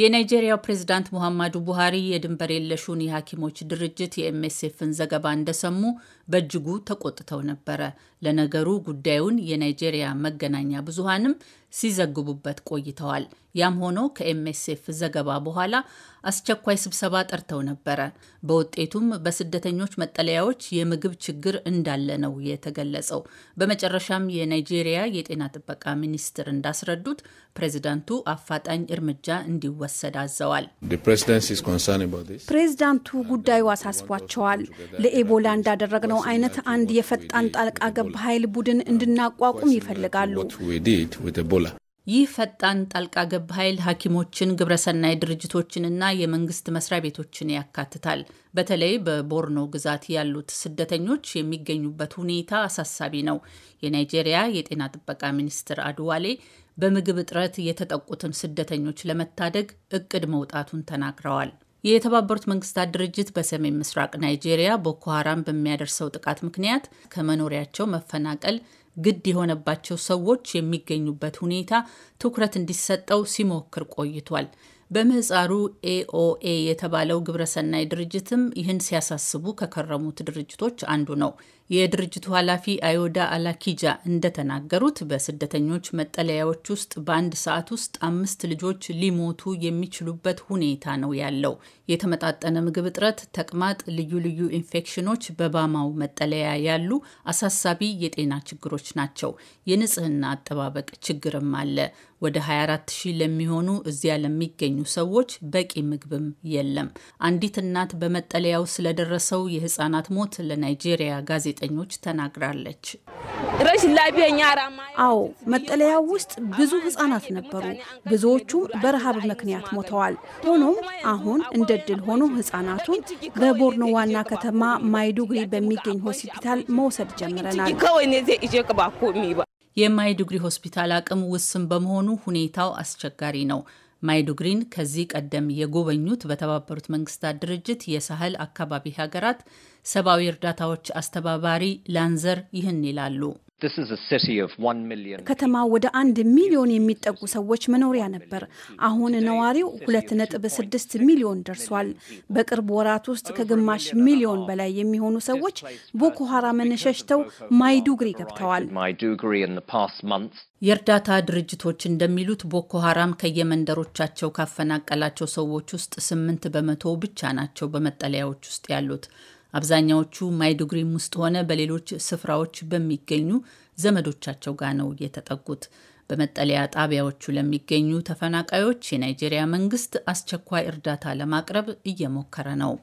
የናይጄሪያው ፕሬዝዳንት ሙሐማዱ ቡሃሪ የድንበር የለሹን የሐኪሞች ድርጅት የኤምኤስኤፍን ዘገባ እንደሰሙ በእጅጉ ተቆጥተው ነበረ። ለነገሩ ጉዳዩን የናይጄሪያ መገናኛ ብዙሃንም ሲዘግቡበት ቆይተዋል። ያም ሆኖ ከኤምኤስኤፍ ዘገባ በኋላ አስቸኳይ ስብሰባ ጠርተው ነበረ። በውጤቱም በስደተኞች መጠለያዎች የምግብ ችግር እንዳለ ነው የተገለጸው። በመጨረሻም የናይጄሪያ የጤና ጥበቃ ሚኒስትር እንዳስረዱት ፕሬዚዳንቱ አፋጣኝ እርምጃ እንዲወሰድ አዘዋል። ፕሬዚዳንቱ ጉዳዩ አሳስቧቸዋል። ለኤቦላ እንዳደረግነው አይነት አንድ የፈጣን ጣልቃ ገብ ኃይል ቡድን እንድናቋቁም ይፈልጋሉ። ይህ ፈጣን ጣልቃ ገብ ኃይል ሐኪሞችን፣ ግብረሰናይ ድርጅቶችንና የመንግስት መስሪያ ቤቶችን ያካትታል። በተለይ በቦርኖ ግዛት ያሉት ስደተኞች የሚገኙበት ሁኔታ አሳሳቢ ነው። የናይጄሪያ የጤና ጥበቃ ሚኒስትር አድዋሌ በምግብ እጥረት የተጠቁትን ስደተኞች ለመታደግ እቅድ መውጣቱን ተናግረዋል። የተባበሩት መንግስታት ድርጅት በሰሜን ምስራቅ ናይጄሪያ ቦኮ ሀራም በሚያደርሰው ጥቃት ምክንያት ከመኖሪያቸው መፈናቀል ግድ የሆነባቸው ሰዎች የሚገኙበት ሁኔታ ትኩረት እንዲሰጠው ሲሞክር ቆይቷል። በምህፃሩ ኤኦኤ የተባለው ግብረሰናይ ድርጅትም ይህን ሲያሳስቡ ከከረሙት ድርጅቶች አንዱ ነው። የድርጅቱ ኃላፊ አዮዳ አላኪጃ እንደተናገሩት በስደተኞች መጠለያዎች ውስጥ በአንድ ሰዓት ውስጥ አምስት ልጆች ሊሞቱ የሚችሉበት ሁኔታ ነው ያለው። የተመጣጠነ ምግብ እጥረት፣ ተቅማጥ፣ ልዩ ልዩ ኢንፌክሽኖች በባማው መጠለያ ያሉ አሳሳቢ የጤና ችግሮች ናቸው። የንጽህና አጠባበቅ ችግርም አለ። ወደ 24 ሺህ ለሚሆኑ እዚያ ለሚገኙ ሰዎች በቂ ምግብም የለም። አንዲት እናት በመጠለያው ስለደረሰው የህፃናት ሞት ለናይጄሪያ ጋዜጠኞች ተናግራለች። አዎ፣ መጠለያው ውስጥ ብዙ ህጻናት ነበሩ። ብዙዎቹም በረሃብ ምክንያት ሞተዋል። ሆኖም አሁን እንደ ድል ሆኖ ህጻናቱን በቦርኖ ዋና ከተማ ማይዱግሪ በሚገኝ ሆስፒታል መውሰድ ጀምረናል። የማይዱግሪ ሆስፒታል አቅም ውስን በመሆኑ ሁኔታው አስቸጋሪ ነው። ማይዱግሪን ከዚህ ቀደም የጎበኙት በተባበሩት መንግስታት ድርጅት የሳህል አካባቢ ሀገራት ሰብአዊ እርዳታዎች አስተባባሪ ላንዘር ይህን ይላሉ። ከተማ ወደ አንድ ሚሊዮን የሚጠጉ ሰዎች መኖሪያ ነበር። አሁን ነዋሪው ሁለት ነጥብ ስድስት ሚሊዮን ደርሷል። በቅርብ ወራት ውስጥ ከግማሽ ሚሊዮን በላይ የሚሆኑ ሰዎች ቦኮ ሀራምን ሸሽተው ማይዱግሪ ገብተዋል። የእርዳታ ድርጅቶች እንደሚሉት ቦኮ ሀራም ከየመንደሮቻቸው ካፈናቀላቸው ሰዎች ውስጥ ስምንት በመቶ ብቻ ናቸው በመጠለያዎች ውስጥ ያሉት። አብዛኛዎቹ ማይዶግሪም ውስጥ ሆነ በሌሎች ስፍራዎች በሚገኙ ዘመዶቻቸው ጋር ነው የተጠጉት። በመጠለያ ጣቢያዎቹ ለሚገኙ ተፈናቃዮች የናይጄሪያ መንግስት አስቸኳይ እርዳታ ለማቅረብ እየሞከረ ነው።